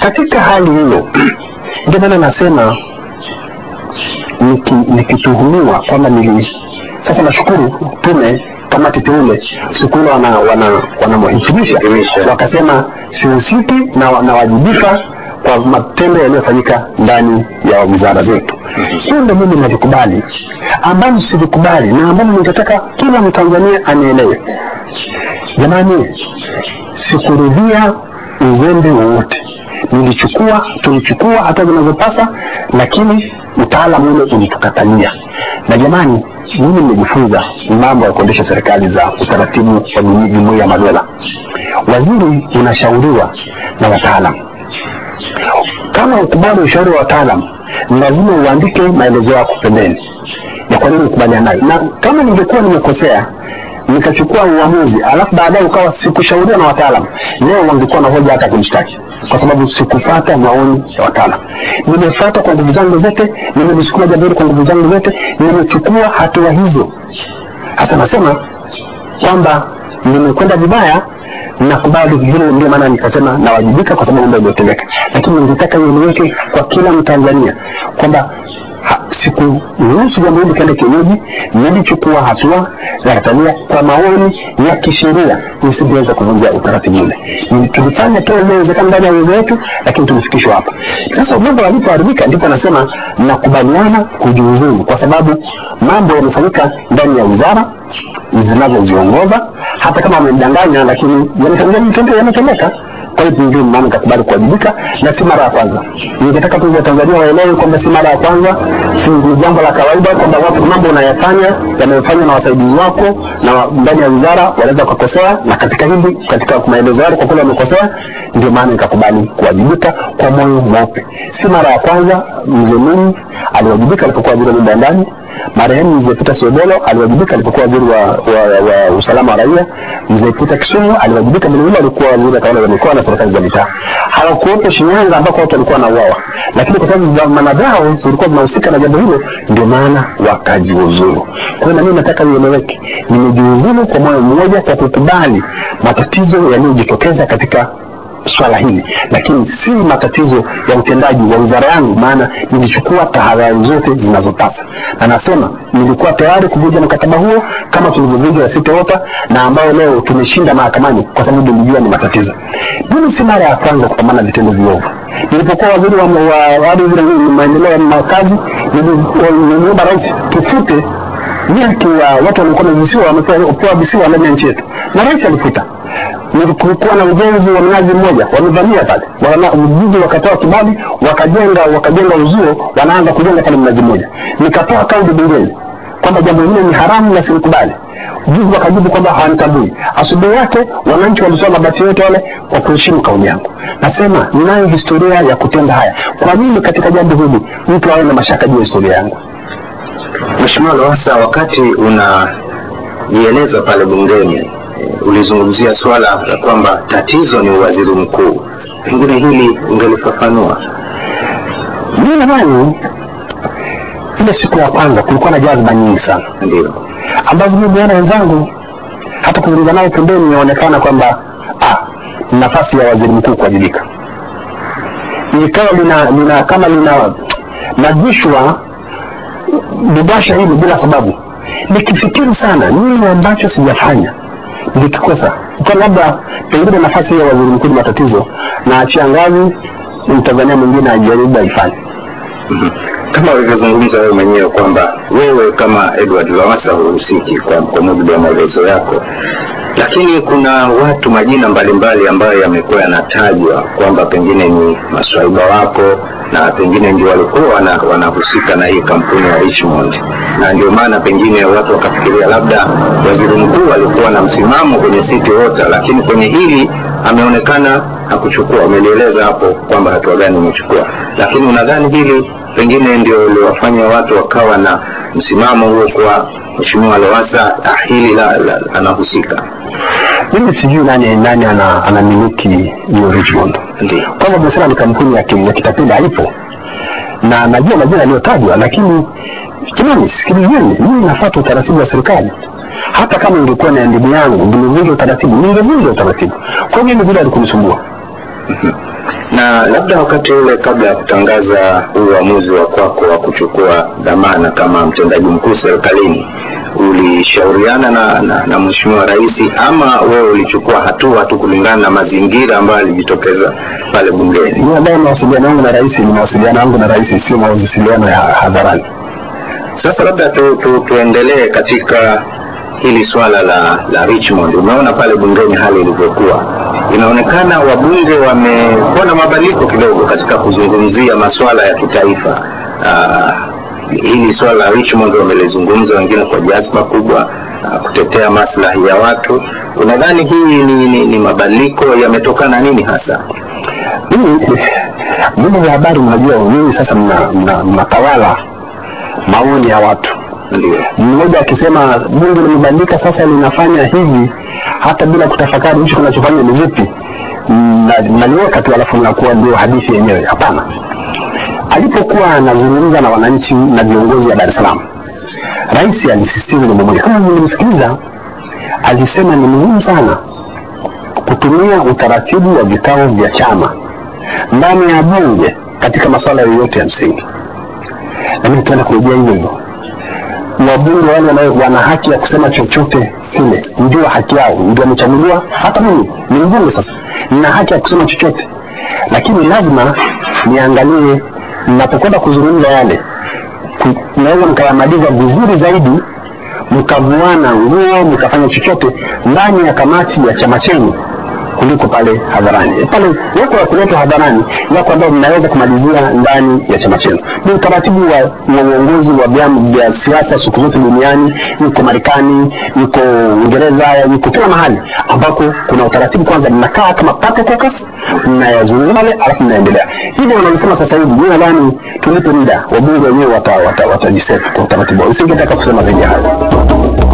Katika hali hiyo, ndio maana nasema nikituhumiwa niki kwamba nili sasa, nashukuru tume kamati teule siku ile wanamhitimisha wana, wana wakasema sihusiki na nawajibika kwa matendo yaliyofanyika ndani ya wizara zetu. Hiyo ndio mimi navikubali, ambavyo sivikubali na ambayo ningetaka kila Mtanzania anielewe. Jamani, sikurudia uzembe wowote nilichukua, tulichukua hata zinazopasa, lakini utaalamu ule ulitukatalia. Na jamani, mimi nimejifunza mambo ya kuendesha serikali za utaratibu wa jumuiya ya madola. Waziri unashauriwa na wataalam. Kama ukubali ushauri wa wataalam, lazima uandike maelezo yako pembeni ya kwa nini ukubaliana nayo, na kama ningekuwa nimekosea nikachukua uamuzi, alafu baadaye ukawa sikushauriwa na wataalamu, leo wangekuwa na hoja hata kunishtaki kwa sababu sikufata maoni ya wataalam. Nimefata kwa nguvu zangu zote, nimelisukuma jambo hili kwa nguvu zangu zote, nimechukua hatua hizo. Hasa nasema kwamba nimekwenda vibaya na kubali hilo, ndio maana nikasema nawajibika kwa sababu mambo yaliyotendeka, lakini ningetaka ieleweke kwa kila Mtanzania kwamba sikuruhusu jambo hili kaenda kienyeji, nilichukua hatua za Tanzania kwa maoni ya kisheria, nisingeweza kuvunja utaratibu ule. Tulifanya kila linalowezekana ndani ya uwezo wetu, lakini tumefikishwa hapa. Sasa mambo yalipoharibika, ndipo anasema nakubaliana kujiuzulu, kwa sababu mambo yamefanyika ndani ya wizara zinazoziongoza. Hata kama amemdanganya, lakini yametendeka. Kwa hiyo ndio maana kakubali kuwajibika, na si mara ya kwanza. Ningetaka tu Watanzania waelewe kwamba si mara ya kwanza, si jambo la kawaida kwamba watu mambo unayafanya yanayofanywa na wasaidizi wako na ndani ya wizara wanaweza kukosea, na katika hili, katika maelezo yao kwa kweli wamekosea. Ndio maana nikakubali kuwajibika kwa moyo mweupe. Si mara ya kwanza mzee Mwinyi aliwajibika alipokuwa waziri wa mambo ya ndani Marehemu mzee Peter Sobolo aliwajibika alipokuwa waziri wa, wa, wa usalama wa raia. Mzee Peter Kisumu aliwajibika vilevile, alikuwa waziri wa tawala za mikoa na serikali za mitaa. Hawakuwepo Shinyanga ambako watu walikuwa wanauawa, lakini kwa sababu dhamana zao zilikuwa zinahusika na jambo hilo, ndio maana wakajiuzuru. Kwa hiyo na mimi nataka ieleweke, nimejiuzuru kwa moyo mmoja kwa kukubali matatizo yaliyojitokeza katika swala hili, lakini si matatizo ya utendaji wa wizara yangu, maana nilichukua tahadhari zote zinazopasa. Anasema nilikuwa tayari kuvuja mkataba huo kama tulivyovuja wa Sitewota na ambao leo tumeshinda mahakamani kwa sababu nilijua ni matatizo. Mimi si mara ya kwanza kupambana vitendo viovu. Nilipokuwa waziri wa, wa ardhi na maendeleo ya makazi, nilimwomba rais tufute milki ya watu waliokuwa na visiwa wamepewa visiwa ndani ya nchi yetu, na rais alifuta kulikuwa na ujenzi wa mnazi mmoja, wamevamia pale mjiji, wakatoa kibali, wakajenga wakajenga uzuo, wanaanza kujenga pale mnazi mmoja. Nikatoa kauli bungeni kwamba jambo hilo ni haramu na silikubali. Juzi wakajibu kwamba hawanitambui. Asubuhi yake wananchi walitoa mabati yote wale kwa kuheshimu kauli yangu. Nasema ninayo historia ya kutenda haya. Kwa nini katika jambo hili mtu awe na mashaka juu ya historia yangu? Mheshimiwa Lowassa, wakati unajieleza pale bungeni ulizungumzia swala la kwamba tatizo ni waziri mkuu, pengine hili ungelifafanua. Mimi nadhani ile siku ya kwanza kulikuwa na jazba nyingi sana, ndio ambazo mimi miana wenzangu hata kuzungumza nao pembeni, inaonekana kwamba ah, nafasi ya waziri mkuu kuwajibika ikawa lina, lina kama linavishwa bidasha hili bila sababu, nikifikiri sana nini ambacho sijafanya nikikosa kwa labda pengine nafasi ya waziri mkuu ni matatizo na achia ngazi mtanzania mwingine ajaribu aifanye mhm. kama ulivyozungumza wewe mwenyewe kwamba wewe kama edward lawasa huhusiki kwa, kwa mujibu wa maelezo yako lakini kuna watu majina mbalimbali ambayo yamekuwa yanatajwa kwamba pengine ni maswaiba wako na pengine ndio walikuwa wanahusika wana na hii kampuni ya richmond na ndio maana pengine watu wakafikiria labda waziri mkuu alikuwa na msimamo kwenye siti wote, lakini kwenye hili ameonekana hakuchukua. Umelieleza hapo kwamba hatua gani umechukua, lakini unadhani hili pengine ndio iliwafanya watu wakawa na msimamo huo kwa Mheshimiwa Lowassa, ahili la, la, anahusika? Mimi sijui nani nani anamiliki ana hiyo Richmond, ndio kwanza umesema ni kampuni ya kitapeli, haipo na najua majina yaliyotajwa, lakini kimani sikilizeni, mimi nafuata utaratibu wa serikali. Hata kama ingekuwa na ndugu yangu ningevunja utaratibu, ningevunja utaratibu. Kwa nini mimi vile alikunisumbua na labda wakati ule kabla ya kutangaza huu uamuzi wa kwako wa kuchukua dhamana kama mtendaji mkuu serikalini, ulishauriana na, na, na mheshimiwa rais ama wewe ulichukua hatua tu kulingana na mazingira ambayo alijitokeza pale bungeni? Mimi ambaye mawasiliano yangu na rais ni mawasiliano yangu na rais, sio mawasiliano ya hadharani. Sasa labda tu, tu, tuendelee katika hili swala la, la Richmond. Umeona pale bungeni hali ilivyokuwa, inaonekana wabunge na mabadiliko kidogo katika kuzungumzia masuala ya kitaifa. Uh, hili swala la Richmond wamelizungumza wengine kwa jazba kubwa ah, kutetea maslahi ya watu. Unadhani hii ni, ni, ni mabadiliko yametokana nini hasa? Vyombo vya habari, unajua nyinyi sasa mnatawala maoni ya watu. Mmoja akisema bunge limebadilika sasa linafanya hivi, hata bila kutafakari hicho kinachofanya ni vipi, naliweka tu, alafu nakuwa ndio hadithi yenyewe. Hapana alipokuwa anazungumza na wananchi na viongozi wa Dar es Salaam, rais alisisitiza jambo moja. Kama nilimsikiliza, alisema ni muhimu sana kutumia utaratibu wa vikao vya chama ndani ya bunge katika masuala yoyote ya msingi, na mimi kurejea hivyo hivyo. Wabunge wale wanao wana haki ya kusema chochote kile, ndio haki yao, ndio wamechaguliwa. Hata mimi ni mbunge sasa, nina haki ya kusema chochote, lakini lazima niangalie mnapokwenda kuzungumza yale, mnaweza mkayamaliza vizuri zaidi, mkavuana nguo, mkafanya chochote ndani ya kamati ya chama chenu kuliko pale hadharani. Pale wako wa kuleta hadharani wako ambao mnaweza kumalizia ndani ya chama chenu. Ni utaratibu wa uongozi wa vyama vya siasa siku zote duniani, yuko Marekani, yuko Uingereza, yuko kila mahali ambako kuna utaratibu. Kwanza mnakaa kama party caucus, mnayazungumza wale, alafu mnaendelea hivi. Wanasema sasa hivi, mimi nadhani tulipe muda, wabunge wenyewe watajiseti kwa utaratibu. wao. Usingetaka kusema zaidi hayo.